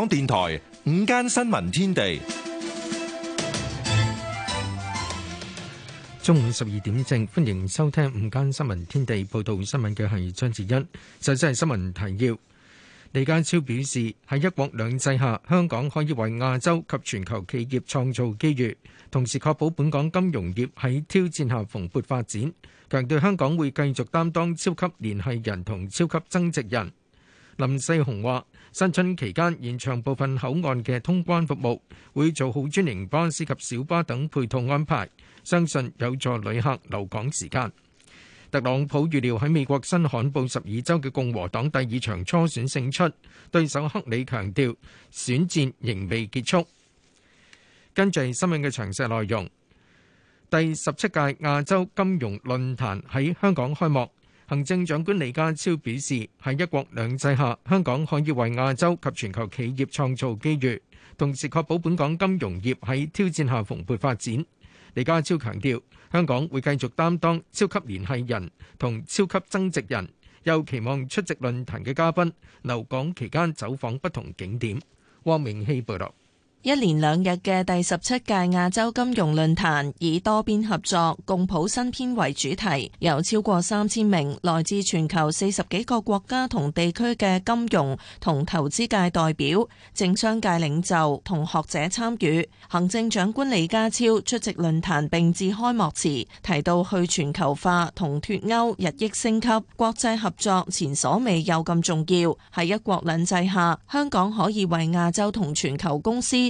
香港電台午間新聞天地，中午十二點正，歡迎收聽午間新聞天地。報道新聞嘅係張志欣，首先係新聞提要。李家超表示，喺一國兩制下，香港可以為亞洲及全球企業創造機遇，同時確保本港金融業喺挑戰下蓬勃發展。強調香港會繼續擔當超級聯繫人同超級增值人。林世雄話。新春期間延長部分口岸嘅通關服務，會做好專營巴士及小巴等配套安排，相信有助旅客留港時間。特朗普預料喺美國新罕布什爾州嘅共和黨第二場初選勝出，對手克里強調選戰仍未結束。跟住新聞嘅詳細內容，第十七屆亞洲金融論壇喺香港開幕。行政長官李家超表示，喺一國兩制下，香港可以為亞洲及全球企業創造機遇，同時確保本港金融業喺挑戰下蓬勃發展。李家超強調，香港會繼續擔當超級聯繫人同超級增值人，又期望出席論壇嘅嘉賓留港期間走訪不同景點。汪明熙報道。一連兩日嘅第十七屆亞洲金融論壇，以多邊合作共譜新篇為主題，由超過三千名來自全球四十幾個國家同地區嘅金融同投資界代表、政商界領袖同學者參與。行政長官李家超出席論壇，並致開幕詞提到，去全球化同脫歐日益升級，國際合作前所未有咁重要。喺一國兩制下，香港可以為亞洲同全球公司。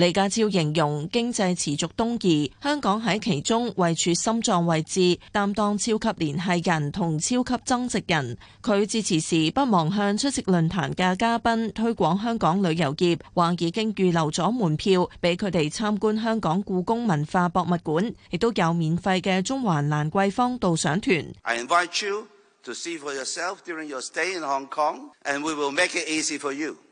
李家超形容經濟持續東移，香港喺其中位處心臟位置，擔當超級聯繫人同超級增值人。佢致辭時不忘向出席論壇嘅嘉賓推廣香港旅遊業，話已經預留咗門票俾佢哋參觀香港故宮文化博物館，亦都有免費嘅中環蘭桂坊導賞團。I invite you to see for yourself during your stay in Hong Kong, and we will make it easy for you.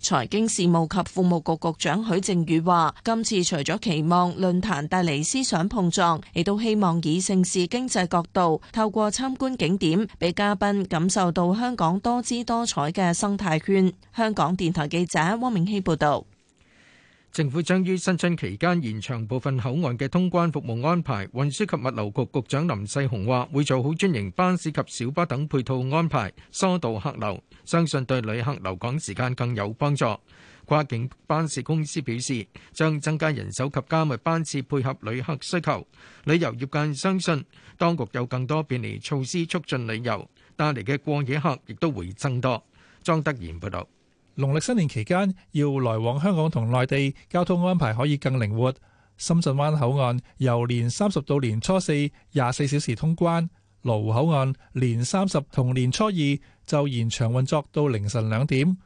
財經事務及庫務局局長許正宇話，今次除咗期望論壇帶嚟思想碰撞，亦都希望以盛事經濟角度，透過參觀景點，俾嘉賓感受到香港多姿多彩嘅生態圈。香港電台記者汪明熙報導。政府將於新春期間延長部分口岸嘅通關服務安排。運輸及物流局局長林世雄話：會做好專營巴士及小巴等配套安排，疏導客流，相信對旅客留港時間更有幫助。跨境巴士公司表示，將增加人手及加密班次，配合旅客需求。旅遊業界相信，當局有更多便利措施促進旅遊，帶嚟嘅過夜客亦都會增多。莊德賢報道。農曆新年期間要來往香港同內地，交通安排可以更靈活。深圳灣口岸由年三十到年初四廿四小時通關，羅湖口岸年三十同年初二就延長運作到凌晨兩點。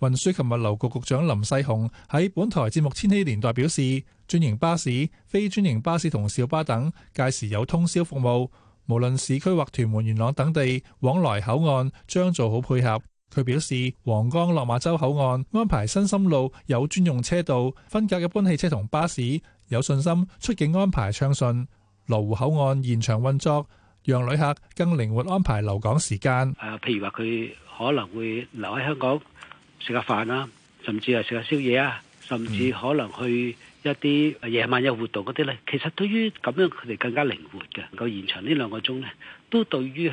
運輸及物流局局長林世雄喺本台節目《千禧年代》表示，專營巴士、非專營巴士同小巴等屆時有通宵服務，無論市區或屯門、元朗等地往來口岸將做好配合。佢表示，皇崗、落馬洲口岸安排新深路有專用車道，分隔一般汽車同巴士，有信心出境安排暢順。羅湖口岸延長運作，讓旅客更靈活安排留港時間。誒，譬如話佢可能會留喺香港食下飯啦，甚至係食下宵夜啊，甚至可能去一啲夜晚有活動嗰啲咧。其實對於咁樣佢哋更加靈活嘅，能夠延長呢兩個鐘咧，都對於，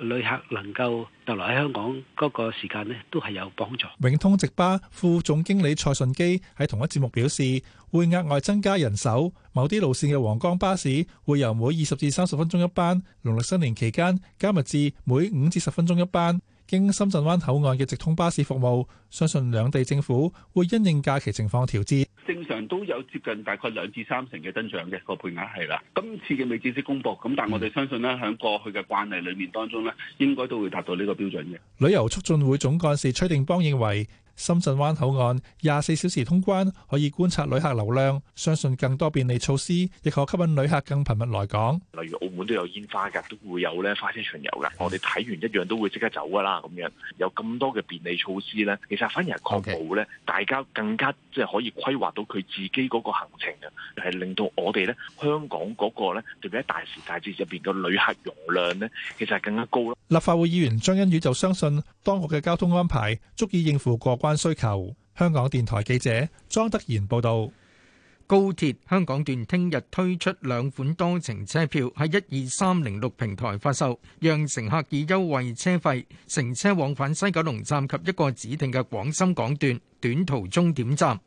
旅客能夠逗留喺香港嗰個時間呢，都係有幫助。永通直巴副總經理蔡順基喺同一節目表示，會額外增加人手，某啲路線嘅皇崗巴士會由每二十至三十分鐘一班，農曆新年期間加密至每五至十分鐘一班。經深圳灣口岸嘅直通巴士服務，相信兩地政府會因應假期情況調資，正常都有接近大概兩至三成嘅增長嘅，這個配額係啦。今次嘅未正式公布，咁但我哋相信呢，喺過去嘅慣例裏面當中呢，應該都會達到呢個標準嘅。旅遊促進會總幹事崔定邦認為。深圳灣口岸廿四小時通關，可以觀察旅客流量，相信更多便利措施亦可吸引旅客更頻密來港。例如澳門都有煙花㗎，都會有咧花車巡遊㗎。我哋睇完一樣都會即刻走㗎啦。咁樣有咁多嘅便利措施咧，其實反而係確保咧 Okay. 大家更加即係可以規劃到佢自己嗰個行程嘅，係令到我哋咧香港嗰個咧特別喺大時大節入邊嘅旅客容量咧，其實係更加高咯。立法會議員張欣宇就相信當局嘅交通安排足以應付過關。按需求，香港電台記者莊德賢報道：高鐵香港段聽日推出兩款多程車票喺一、二、三、零、六平台發售，讓乘客以優惠車費乘車往返西九龍站及一個指定嘅廣深港段短途終點站。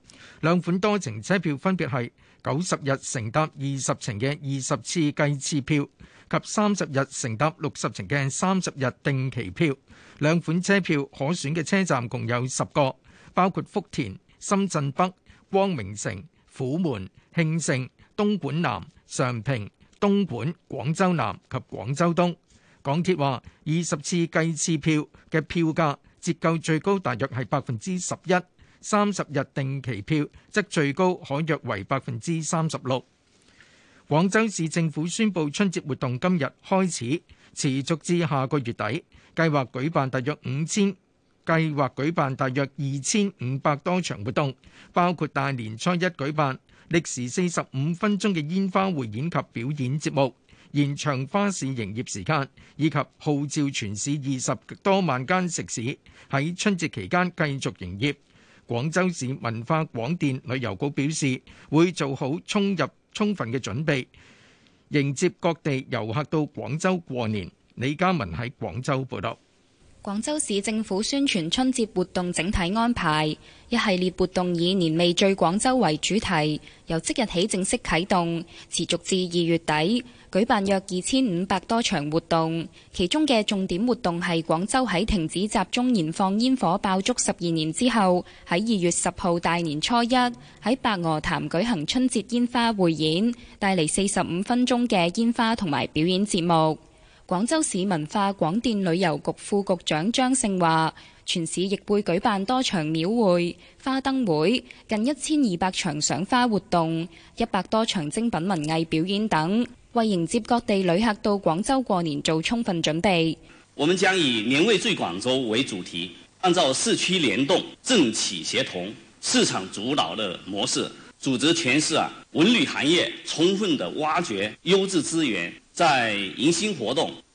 兩款多程車票分別係九十日乘搭二十程嘅二十次計次票。及三十日乘搭六十程嘅三十日定期票，兩款車票可選嘅車站共有十個，包括福田、深圳北、光明城、虎門、慶盛、東莞南、常平、東莞、廣州南及廣州東。港鐵話，二十次計次票嘅票價折扣最高大約係百分之十一，三十日定期票則最高可約為百分之三十六。廣州市政府宣布，春節活動今日開始，持續至下個月底，計劃舉辦大約五千，計劃舉辦大約二千五百多場活動，包括大年初一舉辦歷時四十五分鐘嘅煙花匯演及表演節目，延長花市營業時間，以及號召全市二十多萬間食肆喺春節期間繼續營業。廣州市文化廣電旅遊局表示，會做好沖入。充分嘅準備，迎接各地遊客到廣州過年。李嘉文喺廣州報道。廣州市政府宣傳春節活動整體安排，一系列活動以年味最廣州為主題，由即日起正式啟動，持續至二月底，舉辦約二千五百多場活動。其中嘅重點活動係廣州喺停止集中燃放煙火爆竹十二年之後，喺二月十號大年初一喺白鵝潭舉行春節煙花匯演，帶嚟四十五分鐘嘅煙花同埋表演節目。廣州市文化廣電旅遊局副局長張勝話：全市亦會舉辦多場廟會、花燈會，近一千二百場賞花活動，一百多場精品文藝表演等，為迎接各地旅客到廣州過年做充分準備。我們將以“年味最廣州”為主題，按照市區聯動、政企協同、市場主導的模式，組織全市啊文旅行業充分的挖掘優質資源，在迎新活動，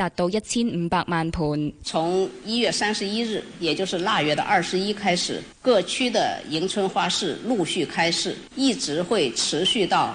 達到一千五百萬盆，從一月三十一日，也就是臘月的二十一開始，各區的迎春花市陸續開市，一直會持續到，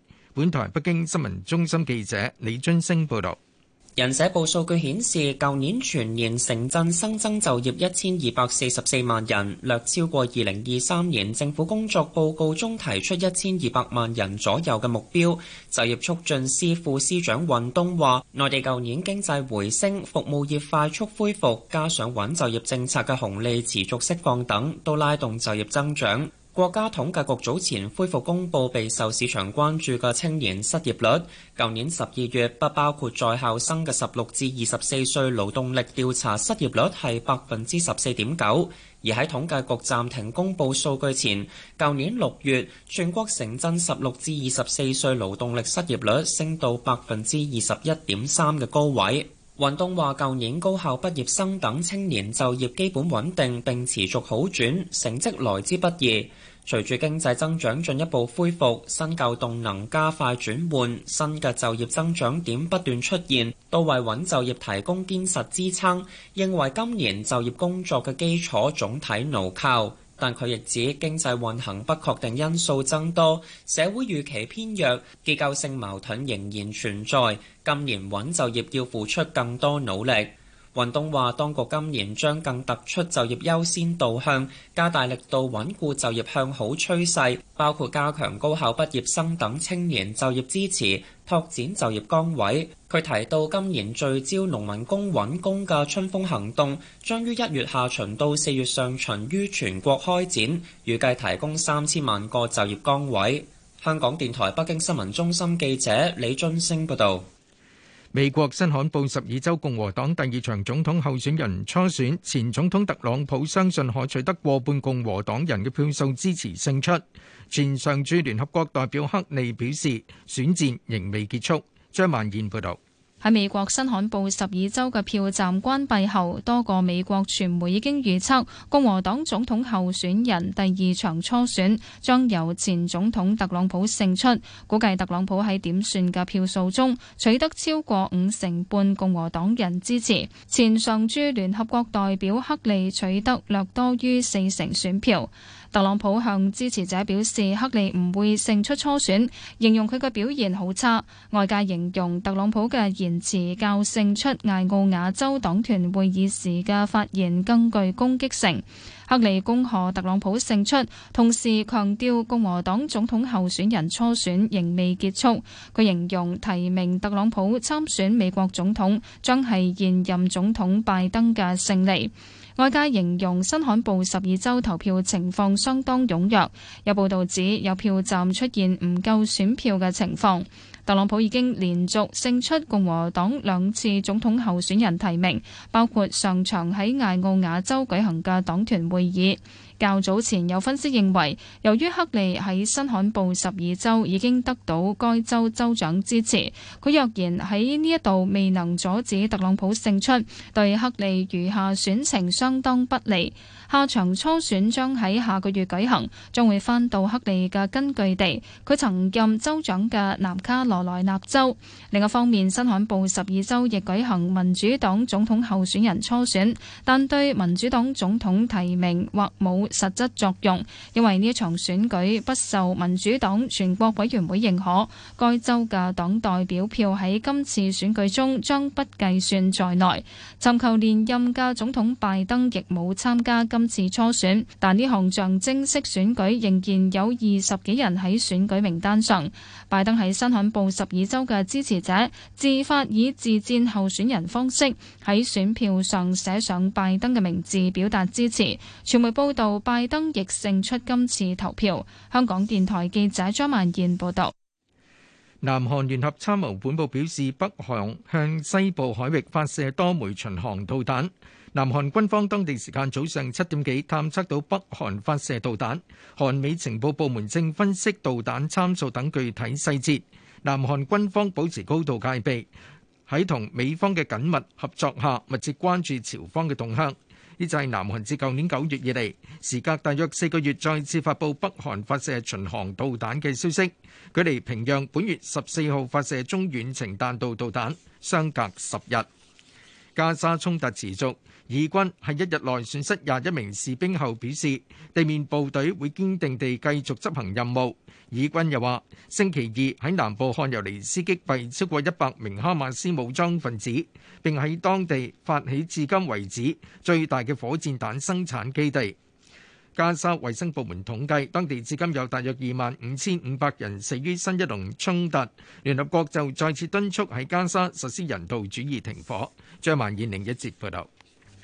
本台北京新聞中心記者李津升報道，人社部數據顯示，舊年全年城鎮新增就業一千二百四十四萬人，略超過二零二三年政府工作報告中提出一千二百萬人左右嘅目標。就業促進司副司長運東話，內地舊年經濟回升，服務業快速恢復，加上穩就業政策嘅紅利持續釋放等，都拉動就業增長。國家統計局早前恢復公佈備受市場關注嘅青年失業率，舊年十二月，不包括在校生嘅十六至二十四歲勞動力調查失業率係百分之十四點九，而喺統計局暫停公佈數據前，舊年六月全國城鎮十六至二十四歲勞動力失業率升到百分之二十一點三嘅高位。運動話：舊年高校畢業生等青年就業基本穩定並持續好轉，成績來之不易。隨住經濟增長進一步恢復，新舊動能加快轉換，新嘅就業增長點不斷出現，都為穩就業提供堅實支撐。認為今年就業工作嘅基礎總體牢靠。但佢亦指經濟運行不確定因素增多，社會預期偏弱，結構性矛盾仍然存在，今年穩就業要付出更多努力。云東話，當局今年將更突出就業優先導向，加大力度穩固就業向好趨勢，包括加強高校畢業生等青年就業支持，拓展就業崗位。佢提到，今年聚焦農民工搵工嘅春風行動，將於一月下旬到四月上旬於全國開展，預計提供三千萬個就業崗位。香港電台北京新聞中心記者李津星報道。美國新罕布什爾州共和黨第二場總統候選人初選，前總統特朗普相信可取得過半共和黨人嘅票數支持勝出。前常駐聯合國代表克利表示，選戰仍未結束。張曼燕報導。喺美國新罕布什爾州嘅票站關閉後，多個美國傳媒已經預測共和黨總統候選人第二場初選將由前總統特朗普勝出。估計特朗普喺點算嘅票數中取得超過五成半共和黨人支持，前上駐聯合國代表克利取得略多於四成選票。特朗普向支持者表示，克利唔會勝出初選，形容佢嘅表現好差。外界形容特朗普嘅言辭較勝出艾奧亞州黨團會議時嘅發言更具攻擊性。克利恭賀特朗普勝出，同時強調共和黨總統候選人初選仍未結束。佢形容提名特朗普參選美國總統將係現任總統拜登嘅勝利。外界形容新罕布十二州投票情況相當踴躍，有報道指有票站出現唔夠選票嘅情況。特朗普已經連續勝出共和黨兩次總統候選人提名，包括上場喺艾奧瓦州舉行嘅黨團會議。較早前有分析認為，由於克利喺新罕布什爾州已經得到該州州長支持，佢若然喺呢一度未能阻止特朗普勝出，對克利餘下選情相當不利。下場初選將喺下個月舉行，將會返到克利嘅根據地，佢曾任州長嘅南卡羅來納州。另一方面，新罕布什爾州亦舉行民主黨總統候選人初選，但對民主黨總統提名或冇實質作用，因為呢一場選舉不受民主黨全國委員會認可，該州嘅黨代表票喺今次選舉中將不計算在內。尋求連任嘅總統拜登亦冇參加今次初選，但呢項象徵式選舉仍然有二十幾人喺選舉名單上。拜登喺新罕布什爾州嘅支持者自發以自薦候選人方式喺選票上寫上拜登嘅名字，表達支持。傳媒報道拜登亦勝出今次投票。香港電台記者張曼燕報道。南韓聯合參謀本部表示，北韓向西部海域發射多枚巡航導彈。南韓軍方當地時間早上七點幾探測到北韓發射導彈，韓美情報部門正分析導彈參數等具體細節。南韓軍方保持高度戒備，喺同美方嘅緊密合作下，密切關注朝方嘅動向。呢就係南韓自舊年九月以嚟，時隔大約四個月，再次發布北韓發射巡航導彈嘅消息。距離平壤本月十四號發射中遠程彈道導彈，相隔十日。加沙衝突持續。以軍喺一日內損失廿一名士兵後表示，地面部隊會堅定地繼續執行任務。以軍又話，星期二喺南部漢尤尼斯擊斃超過一百名哈馬斯武裝分子，並喺當地發起至今為止最大嘅火箭彈生產基地。加沙衛生部門統計，當地至今有大約二萬五千五百人死於新一輪衝突。聯合國就再次敦促喺加沙實施人道主義停火。張曼燕另一節報導。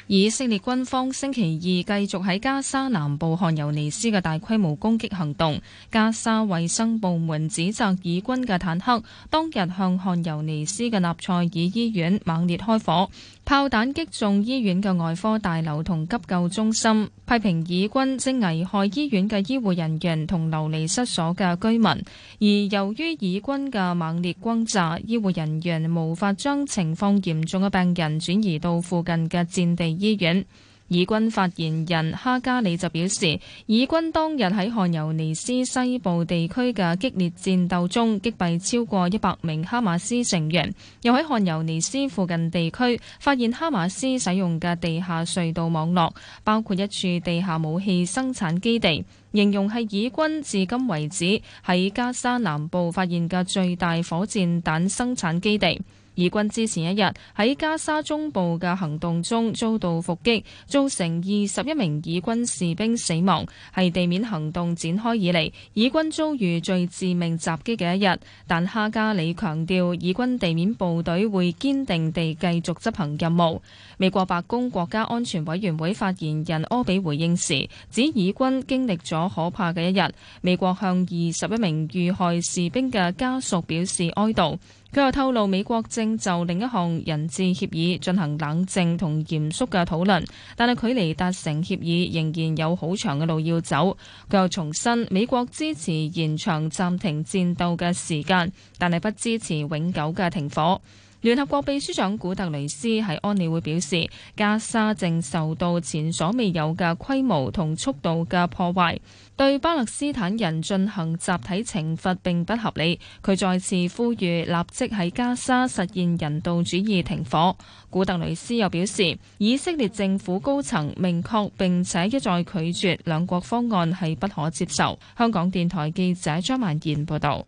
以色列軍方星期二繼續喺加沙南部漢尤尼斯嘅大規模攻擊行動，加沙衛生部門指責以軍嘅坦克，當日向漢尤尼斯嘅納賽爾醫院猛烈開火。炮彈擊中醫院嘅外科大樓同急救中心，批評以軍正危害醫院嘅醫護人員同流離失所嘅居民。而由於以軍嘅猛烈轟炸，醫護人員無法將情況嚴重嘅病人轉移到附近嘅戰地醫院。以軍發言人哈加里就表示，以軍當日喺汗尤尼斯西部地區嘅激烈戰鬥中擊斃超過一百名哈馬斯成員，又喺汗尤尼斯附近地區發現哈馬斯使用嘅地下隧道網絡，包括一處地下武器生產基地，形容係以軍至今為止喺加沙南部發現嘅最大火箭彈生產基地。以軍之前一日喺加沙中部嘅行動中遭到伏擊，造成二十一名以軍士兵死亡，係地面行動展開以嚟以軍遭遇最致命襲擊嘅一日。但哈加里強調，以軍地面部隊會堅定地繼續執行任務。美國白宮國家安全委員會發言人柯比回應時指，以軍經歷咗可怕嘅一日。美國向二十一名遇害士兵嘅家屬表示哀悼。佢又透露，美國正就另一項人質協議進行冷靜同嚴肅嘅討論，但係距離達成協議仍然有好長嘅路要走。佢又重申，美國支持延長暫停戰鬥嘅時間，但係不支持永久嘅停火。聯合國秘書長古特雷斯喺安理會表示，加沙正受到前所未有嘅規模同速度嘅破壞，對巴勒斯坦人進行集體懲罰並不合理。佢再次呼籲立即喺加沙實現人道主義停火。古特雷斯又表示，以色列政府高層明確並且一再拒絕兩國方案係不可接受。香港電台記者張曼燕報道。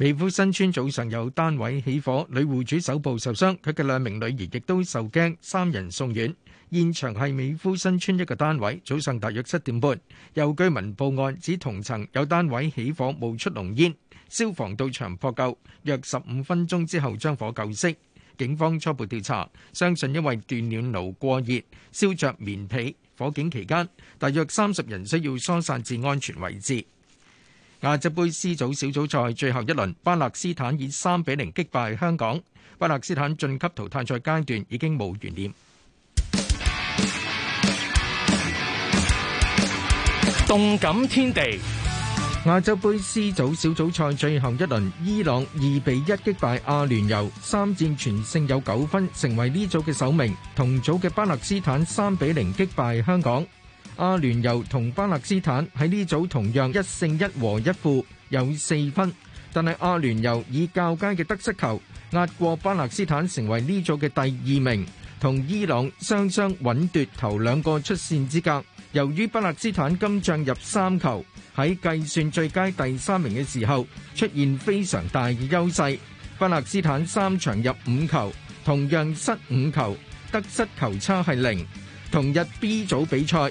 美孚新村早上有單位起火，女戶主手部受傷，佢嘅兩名女兒亦都受驚，三人送院。現場係美孚新村一個單位，早上大約七點半，有居民報案指同層有單位起火，冒出濃煙，消防到場撲救，約十五分鐘之後將火救熄。警方初步調查，相信因為電暖爐過熱燒着棉被，火警期間大約三十人需要疏散至安全位置。亞洲杯 C 組小組賽最後一輪，巴勒斯坦以三比零擊敗香港。巴勒斯坦晉級淘汰賽階段已經冇懸念。動感天地，亞洲杯 C 組小組賽最後一輪，伊朗二比一擊敗阿聯酋，三戰全勝有九分，成為呢組嘅首名。同組嘅巴勒斯坦三比零擊敗香港。阿聯酋同巴勒斯坦喺呢組同樣一勝一和一負，有四分。但係阿聯酋以較佳嘅得失球壓過巴勒斯坦，成為呢組嘅第二名，同伊朗雙雙穩奪奪頭兩個出線資格。由於巴勒斯坦今仗入三球，喺計算最佳第三名嘅時候出現非常大嘅優勢。巴勒斯坦三場入五球，同樣失五球，得失球差係零。同日 B 組比賽。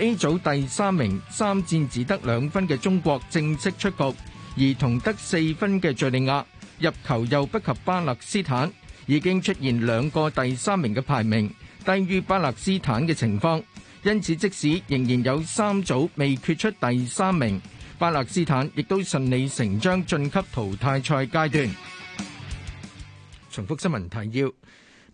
A 組第三名三戰只得兩分嘅中國正式出局，而同得四分嘅敘利亞入球又不及巴勒斯坦，已經出現兩個第三名嘅排名低於巴勒斯坦嘅情況。因此，即使仍然有三組未決出第三名，巴勒斯坦亦都順理成章晉級淘汰賽階段。重複新聞提要。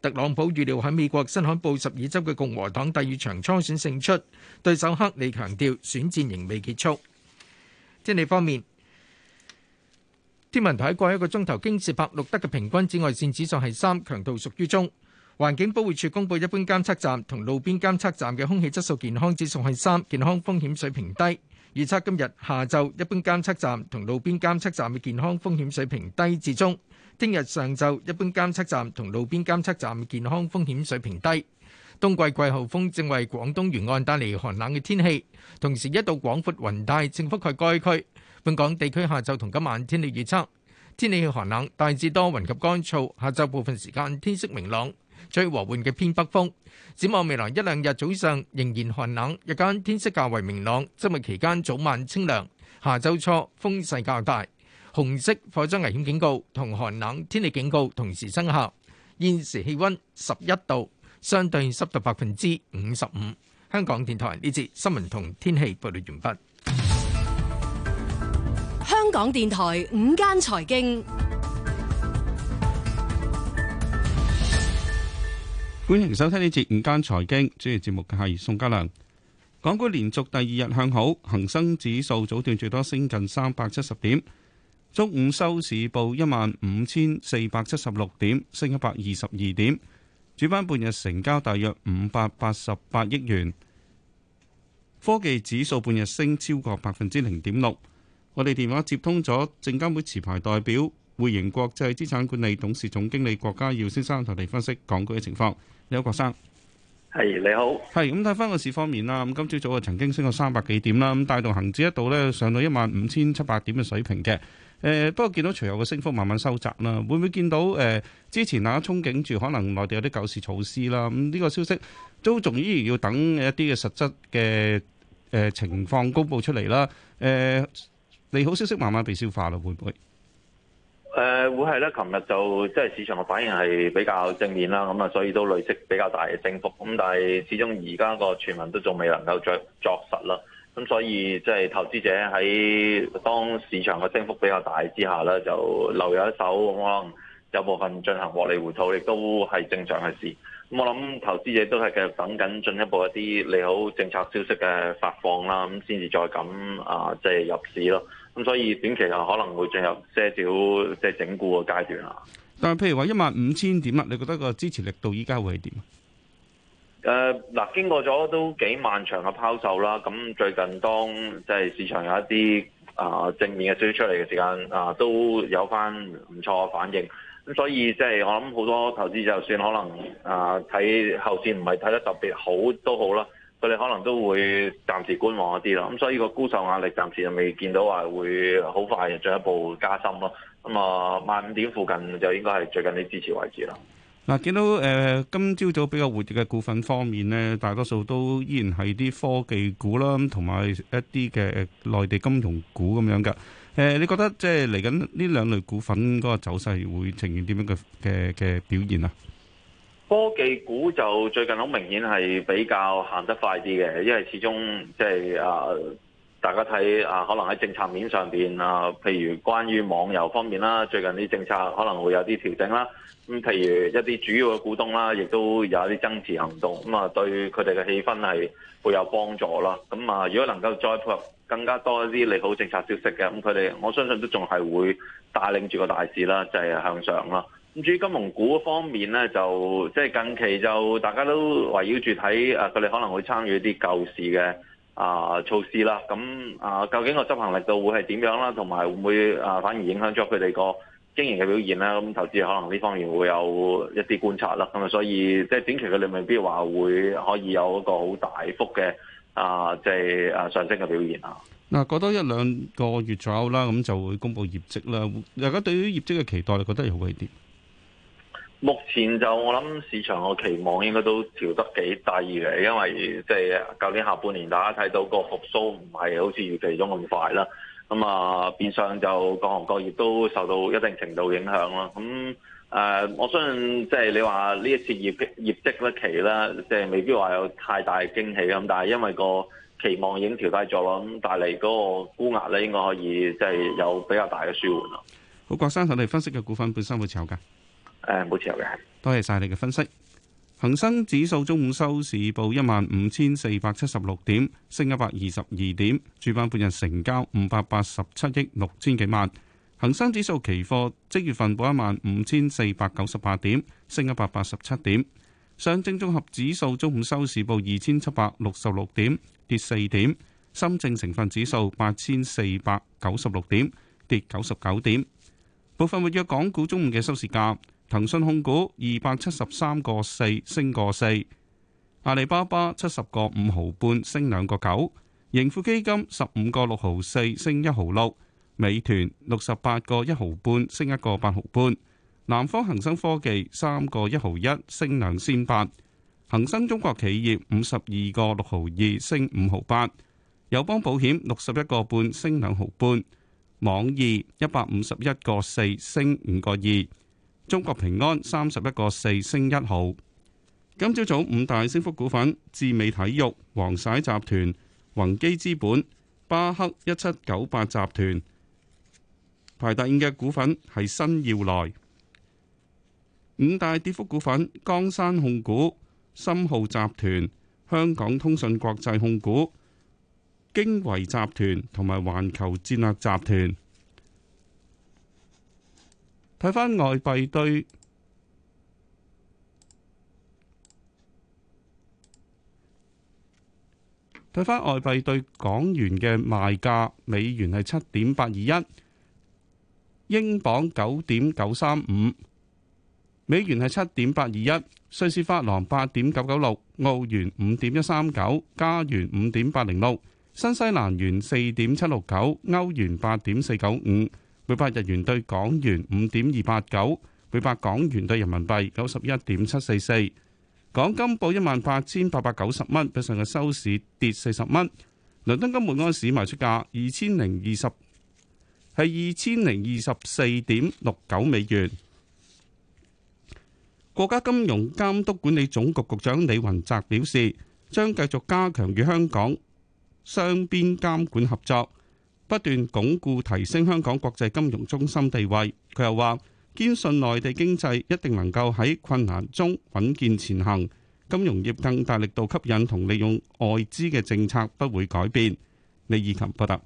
特朗普預料喺美國新罕布什爾州嘅共和黨第二場初選勝出，對手克里強調選戰仍未結束。天氣方面，天文台喺過一個鐘頭京士柏錄得嘅平均紫外線指數係三，強度屬於中。環境保護署公佈，一般監測站同路邊監測站嘅空氣質素健康指數係三，健康風險水平低。預測今日下晝一般監測站同路邊監測站嘅健康風險水平低至中。聽日上晝，一般監測站同路邊監測站健康風險水平低。冬季季候風正為廣東沿岸帶嚟寒冷嘅天氣，同時一道廣闊雲帶正覆蓋該區。本港地區下晝同今晚天氣預測，天氣寒冷，大致多雲及乾燥。下晝部分時間天色明朗，吹和緩嘅偏北風。展望未來一兩日早上仍然寒冷，日間天色較為明朗。週末期間早晚清涼，下週初風勢較大。紅色火災危險警告同寒冷天氣警告同時生效。現時氣温十一度，相對濕度百分之五十五。香港電台呢節新聞同天氣報道完畢。香港電台午間財經，歡迎收聽呢節午間財經。主持節目嘅係宋家良。港股連續第二日向好，恒生指數早段最多升近三百七十點。中午收市報一萬五千四百七十六點，升一百二十二點。主板半日成交大約五百八十八億元。科技指數半日升超過百分之零點六。我哋電話接通咗證監會持牌代表匯盈國際資產管理董事總經理郭家耀先生，同你分析港股嘅情況。你好，郭生。係你好，係咁睇翻個市方面啦。咁今朝早啊，曾經升過三百幾點啦，咁帶動恒指一度咧上到一萬五千七百點嘅水平嘅。誒、呃，不過見到隨後嘅升幅慢慢收窄啦。會唔會見到誒、呃、之前啊憧憬住可能內地有啲救市措施啦？咁、這、呢個消息都仲依然要等一啲嘅實質嘅誒情況公布出嚟啦。誒、呃，利好消息慢慢被消化啦，會唔會？誒、呃、會係咧，琴日就即係市場嘅反應係比較正面啦，咁、嗯、啊，所以都累積比較大嘅升幅，咁、嗯、但係始終而家個傳聞都仲未能夠再作，作實啦，咁、嗯、所以即係投資者喺當市場嘅升幅比較大之下咧，就留有一手，可能有部分進行獲利回吐，亦都係正常嘅事。咁、嗯、我諗投資者都係繼續等緊進一步一啲利好政策消息嘅發放啦，咁先至再咁啊、呃，即係入市咯。咁所以短期又可能會進入些少即係整固嘅階段啦。但係譬如話一萬五千點啊，你覺得個支持力度依家會係點啊？誒嗱、呃，經過咗都幾漫長嘅拋售啦。咁最近當即係市場有一啲啊正面嘅消息出嚟嘅時間啊，都有翻唔錯嘅反應。咁所以即係我諗好多投資者就算可能啊睇後線唔係睇得特別好都好啦。佢哋可能都會暫時觀望一啲咯，咁所以個沽售壓力暫時又未見到話會好快進一步加深咯。咁、嗯、啊，萬五點附近就應該係最近啲支持位置啦。嗱、啊，見到誒、呃、今朝早，早比較活躍嘅股份方面呢，大多數都依然係啲科技股啦，同埋一啲嘅內地金融股咁樣噶。誒、呃，你覺得即係嚟緊呢兩類股份嗰個走勢會呈現點樣嘅嘅嘅表現啊？科技股就最近好明顯，係比較行得快啲嘅，因為始終即係啊，大家睇啊，可能喺政策面上邊啊，譬如關於網遊方面啦，最近啲政策可能會有啲調整啦。咁、啊、譬如一啲主要嘅股東啦，亦、啊、都有一啲增持行動，咁啊對佢哋嘅氣氛係會有幫助咯，咁啊，啊，如果能夠再配合更加多一啲利好政策消息嘅，咁佢哋我相信都仲係會帶領住個大市啦，就係、是、向上啦。至於金融股方面咧，就即係近期就大家都圍繞住睇啊，佢哋可能會參與一啲救市嘅啊措施啦。咁、嗯、啊，究竟個執行力度會係點樣啦？同埋會唔會啊，反而影響咗佢哋個經營嘅表現咧？咁投資可能呢方面會有一啲觀察啦。咁、嗯、啊，所以即係短期嘅你未必話會可以有一個好大幅嘅啊，即係啊上升嘅表現啊。嗱，過多一兩個月左右啦，咁就會公佈業績啦。大家對於業績嘅期待，你覺得又會點？目前就我諗市場個期望應該都調得幾低嘅，因為即係舊年下半年大家睇到個復甦唔係好似預期中咁快啦。咁啊、呃，變相就各行各業都受到一定程度影響啦。咁誒、呃，我相信即係、就是、你話呢一次業績業績咧期啦，即係、就是、未必話有太大嘅驚喜咁，但係因為個期望已經調低咗啦，咁帶嚟嗰個沽額咧，應該可以即係、就是、有比較大嘅舒緩咯。好，郭生，我哋分析嘅股份本，本身會炒噶。誒，多謝晒你嘅分析。恒生指數中午收市報一萬五千四百七十六點，升一百二十二點。主板半日成交五百八十七億六千幾萬。恒生指數期貨即月份報一萬五千四百九十八點，升一百八十七點。上證綜合指數中午收市報二千七百六十六點，跌四點。深證成分指數八千四百九十六點，跌九十九點。部分活躍港股中午嘅收市價。騰訊控股二百七十三個四升個四，阿里巴巴七十個五毫半升兩個九，盈富基金十五個六毫四升一毫六，美團六十八個一毫半升一個八毫半，南方恒生科技三個一毫一升兩仙八，恒生中國企業五十二個六毫二升五毫八，友邦保險六十一個半升兩毫半，網易一百五十一個四升五個二。中國平安三十一個四升一毫。今朝早，早五大升幅股份：智美體育、黃璽集團、宏基資本、巴克一七九八集團。排第五嘅股份係新耀來。五大跌幅股份：江山控股、深浩集團、香港通訊國際控股、京維集團同埋環球戰略集團。睇翻外幣對港元嘅賣價，美元係七點八二一，英鎊九點九三五，美元係七點八二一，瑞士法郎八點九九六，澳元五點一三九，加元五點八零六，新西蘭元四點七六九，歐元八點四九五。每百日元兌港元五點二八九，每百港元兌人民幣九十一點七四四。港金報一萬八千八百九十蚊，比上日收市跌四十蚊。倫敦金每安士賣出價二千零二十，係二千零二十四點六九美元。國家金融監督管理總局局長李雲澤表示，將繼續加強與香港雙邊監管合作。不斷鞏固提升香港國際金融中心地位，佢又話：堅信內地經濟一定能夠喺困難中穩健前行，金融業更大力度吸引同利用外資嘅政策不會改變。李以琴報道。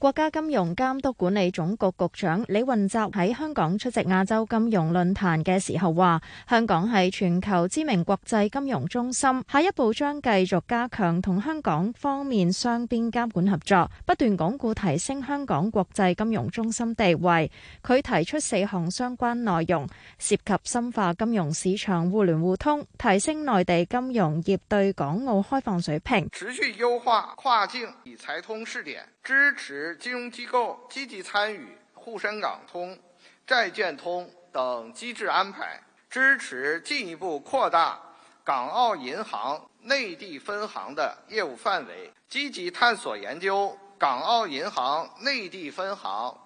國家金融監督管理總局局長李雲澤喺香港出席亞洲金融論壇嘅時候話：香港係全球知名國際金融中心，下一步將繼續加強同香港方面雙邊監管合作，不斷鞏固提升香港國際金融中心地位。佢提出四項相關內容，涉及深化金融市場互聯互通，提升內地金融業對港澳開放水平，持續優化跨境理財通試點，支持。金融機構積極參與滬深港通、債券通等機制安排，支持進一步擴大港澳銀行內地分行的業務範圍，積極探索研究港澳銀行內地分行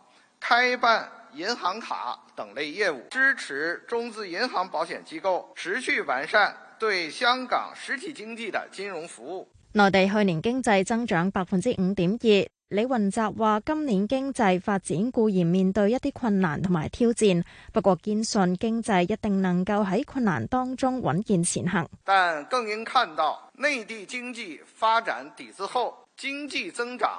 開辦銀行卡等類業務，支持中資銀行保險機構持續完善對香港實體經濟的金融服務。內地去年經濟增長百分之五點二。李雲澤話：今年經濟發展固然面對一啲困難同埋挑戰，不過堅信經濟一定能夠喺困難當中穩健前行。但更應看到內地經濟發展底子厚，經濟增長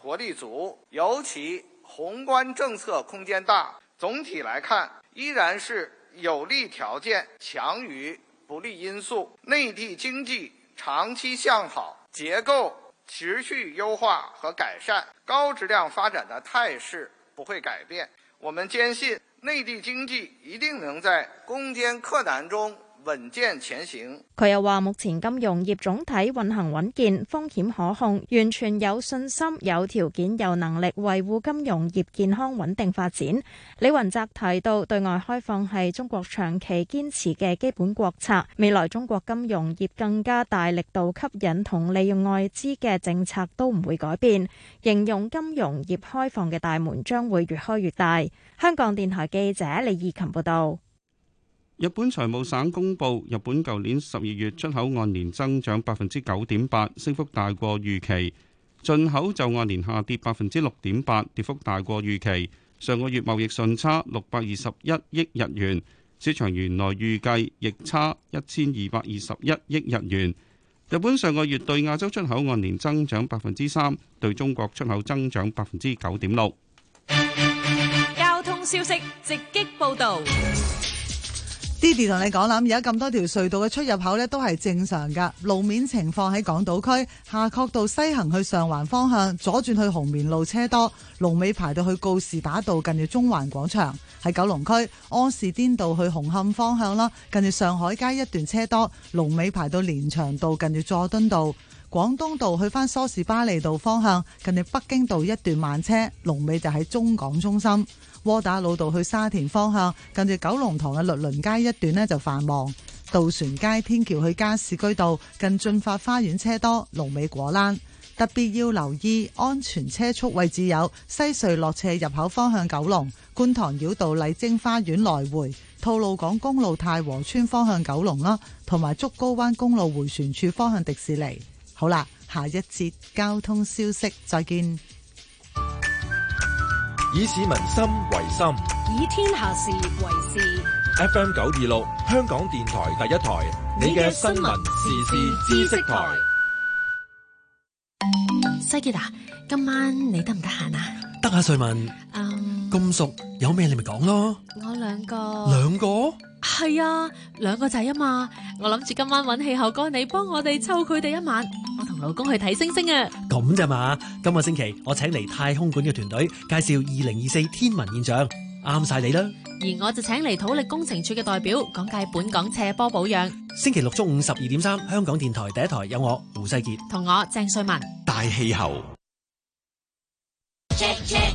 活力足，尤其宏觀政策空間大。總體來看，依然是有利條件強於不利因素，內地經濟長期向好，結構。持續優化和改善高質量發展的態勢不會改變，我們堅信內地經濟一定能在攻堅克難中穩健前行。佢又話：目前金融業總體運行穩健，風險可控，完全有信心、有條件、有能力維護金融業健康穩定發展。李雲澤提到，對外開放係中國長期堅持嘅基本國策，未來中國金融業更加大力度吸引同利用外資嘅政策都唔會改變。形容金融業開放嘅大門將會越開越大。香港電台記者李義琴報道。日本財務省公布，日本舊年十二月出口按年增長百分之九點八，升幅大過預期；進口就按年下跌百分之六點八，跌幅大過預期。上個月貿易順差六百二十一億日元，市場原來預計逆差一千二百二十一億日元。日本上個月對亞洲出口按年增長百分之三，對中國出口增長百分之九點六。交通消息直擊報道。Didi 同你講諗，而家咁多條隧道嘅出入口咧都係正常噶，路面情況喺港島區夏慤道西行去上環方向左轉去紅棉路車多，龍尾排到去告士打道近住中環廣場。喺九龍區柯士甸道去紅磡方向啦，近住上海街一段車多，龍尾排到連翔道近住佐敦道，廣東道去返梳士巴利道方向近住北京道一段慢車，龍尾就喺中港中心。窩打老道去沙田方向，近住九龍塘嘅律倫街一段呢，就繁忙；渡船街天橋去加士居道，近駿發花園車多；龍尾果欄，特別要留意安全車速位置有西隧落斜入口方向九龍、觀塘繞道麗晶花園來回、吐露港公路太和村方向九龍啦，同埋竹篙灣公路回旋處方向迪士尼。好啦，下一節交通消息，再見。以市民心為心，以天下事為事。FM 九二六，香港電台第一台，你嘅新聞時事，時事知識台。西杰啊，今晚你得唔得閒啊？得啊，瑞文。咁熟，um，有咩你咪講咯。我兩個。兩個？係啊，兩個仔啊嘛，我諗住今晚搵氣候哥你幫我哋湊佢哋一晚，我同老公去睇星星啊！咁咋嘛，今個星期我請嚟太空館嘅團隊介紹二零二四天文現象，啱晒你啦。而我就請嚟土力工程處嘅代表講解本港斜坡保養。星期六中午十二點三，香港電台第一台有我胡世杰同我鄭瑞文大氣候。Check, check.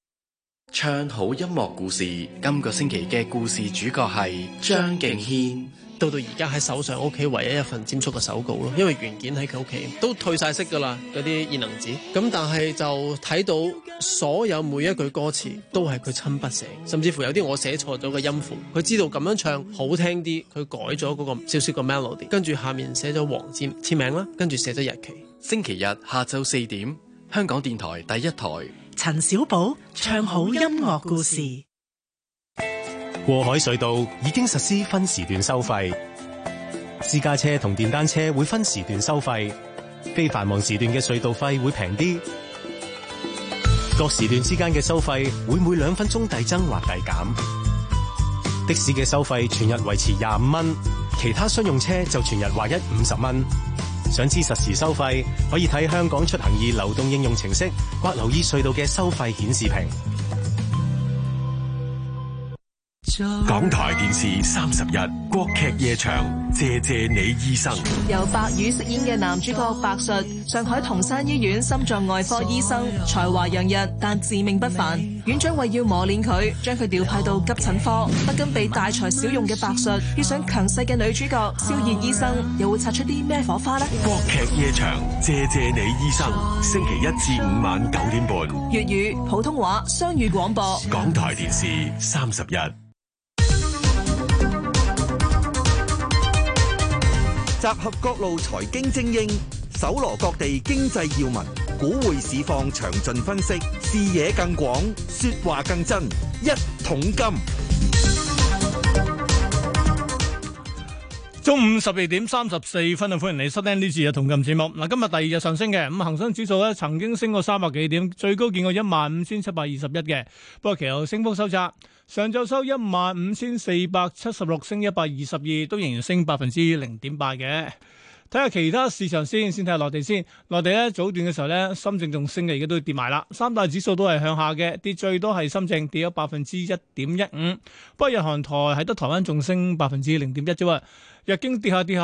唱好音樂故事，今個星期嘅故事主角係張敬軒，到到而家喺手上屋企唯一一份霑叔嘅手稿咯，因為原件喺佢屋企，都褪晒色噶啦，嗰啲熱能紙，咁但係就睇到所有每一句歌詞都係佢親筆寫，甚至乎有啲我寫錯咗嘅音符，佢知道咁樣唱好聽啲，佢改咗嗰個少少個 melody，跟住下面寫咗黃霑，簽名啦，跟住寫咗日期，星期日下晝四點，香港電台第一台。陳小寶唱好音樂故事。過海隧道已經實施分時段收費，私家車同電單車會分時段收費，非繁忙時段嘅隧道費會平啲。各時段之間嘅收費會每兩分鐘遞增或遞減。的士嘅收費全日維持廿五蚊，其他商用車就全日劃一五十蚊。想知實時收費，可以睇香港出行易流動應用程式，或留意隧道嘅收費顯示屏。港台電視三十日，國劇夜場，謝謝你醫生。由白宇飾演嘅男主角白術，上海同山醫院心臟外科醫生，有才華洋溢但自命不凡。院長為要磨練佢，將佢調派到急診科。不甘被大材小用嘅白術，遇上強勢嘅女主角肖燕醫生，又會擦出啲咩火花呢？國劇夜場，謝謝你醫生。星期一至五晚九點半，粵語、普通話雙語廣播，港台電視三十日。集合各路財經精英，搜羅各地經濟要聞，股匯市況詳盡分析，視野更廣，說話更真。一桶金。中午十二點三十四分，就歡迎你收聽呢次嘅同琴節目。嗱，今日第二日上升嘅，咁恆生指數咧曾經升過三百幾點，最高見過一萬五千七百二十一嘅，不過其後升幅收窄。上晝收一萬五千四百七十六，升一百二十二，都仍然升百分之零點八嘅。睇下其他市場先，先睇下內地先。內地咧早段嘅時候咧，深證仲升嘅，而家都跌埋啦。三大指數都係向下嘅，跌最多係深證跌咗百分之一點一五。不過日韓台係得台灣仲升百分之零點一啫喎，日經跌下跌下。